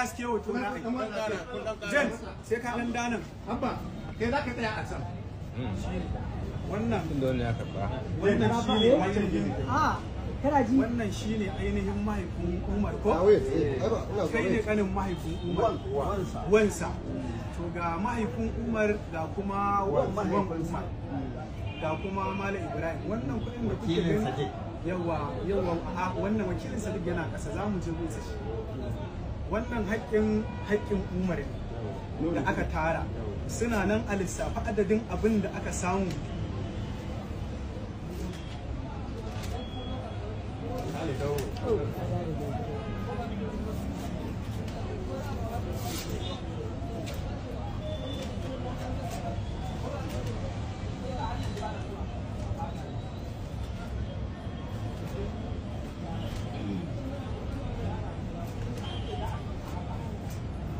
na sai ka danan abba za ka tsaya a can hmm. wannan tun da ya karba wannan shi ne ainihin ah, ji wannan ainihin mahaifin Umar ko eh, eh. kai ne kanin mahaifin Umar wansa to ga mahaifin Umar ga kuma wan Umar ga kuma Malam Ibrahim wannan kuɗin da kuke gani yawa yawa wannan wakilin Sadiq yana kasa zamu je gunsa shi wannan haƙƙin haƙƙin umar ne da aka tara suna nan a lissafi adadin abin da aka samu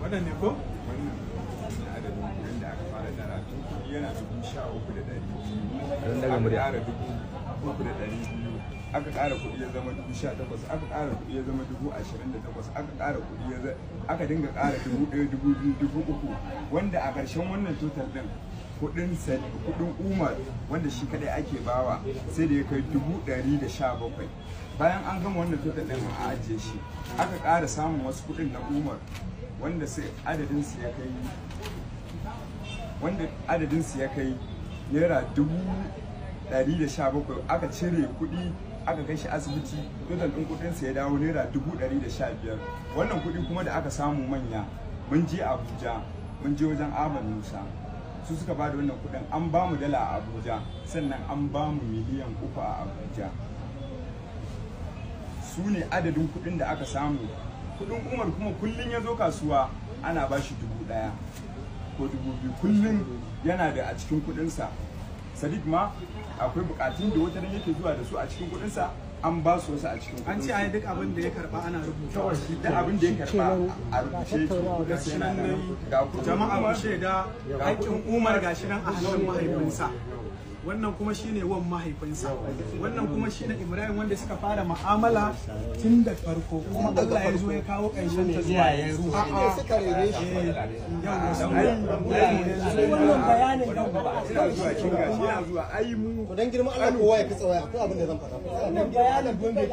wannan ne ko wannan adadin kuɗin da aka fara dara yana dubu sha uku da ɗari biyu aka ƙara dubu uku da ɗari biyu aka ƙara kuɗi ya zama dubu sha takwas aka ƙara kuɗi ya zama dubu ashirin da takwas aka ƙara kuɗi ya aka dinga ƙara dubu ɗaya dubu biyu dubu uku wanda a ƙarshen wannan total ɗin kudin kudin umar wanda shi kadai ake bawa sai da ya kai dubu ɗari da sha bakwai bayan an gama wannan tuta ɗin a ajiye shi aka ƙara samun wasu kudin na umar wanda sai adadin su ya kai wanda adadin su ya kai naira dubu ɗari da sha bakwai aka cire kudi aka kai shi asibiti tutar ɗin kudin sa ya dawo naira dubu ɗari da sha biyar wannan kudi kuma da aka samu manya mun je abuja mun je wajen ahmad musa su suka ba da wannan kuɗin an ba mu dala a abuja sannan an ba mu miliyan uku a abuja su ne adadin kuɗin da aka samu kuɗin umar kuma kullum ya zo kasuwa ana ba shi dubu ɗaya ko dubu biyu kullum yana da a cikin kuɗinsa sadiq ma akwai bukatun da wata yake zuwa da su a cikin kuɗinsa an ba su wasu a cikin an ce a duk abin da ya karba ana rubuta wasu da abin da ya karba a rubuce da nan da jama'a ku shaida aikin Umar gashi nan a hannun mahaifinsa wannan kuma shine wan mahaifinsa wannan kuma shine ibrahim wanda suka fara mu'amala tun da farko kuma allah ya zo ya kawo ƙarshen ta zuwa ya yanzu suka rere shi eh. wannan bayanin da ba a zuwa ya zuwa ai mu dan girman allah kowa ya ka waya ko abin da zan faɗa wannan bayanin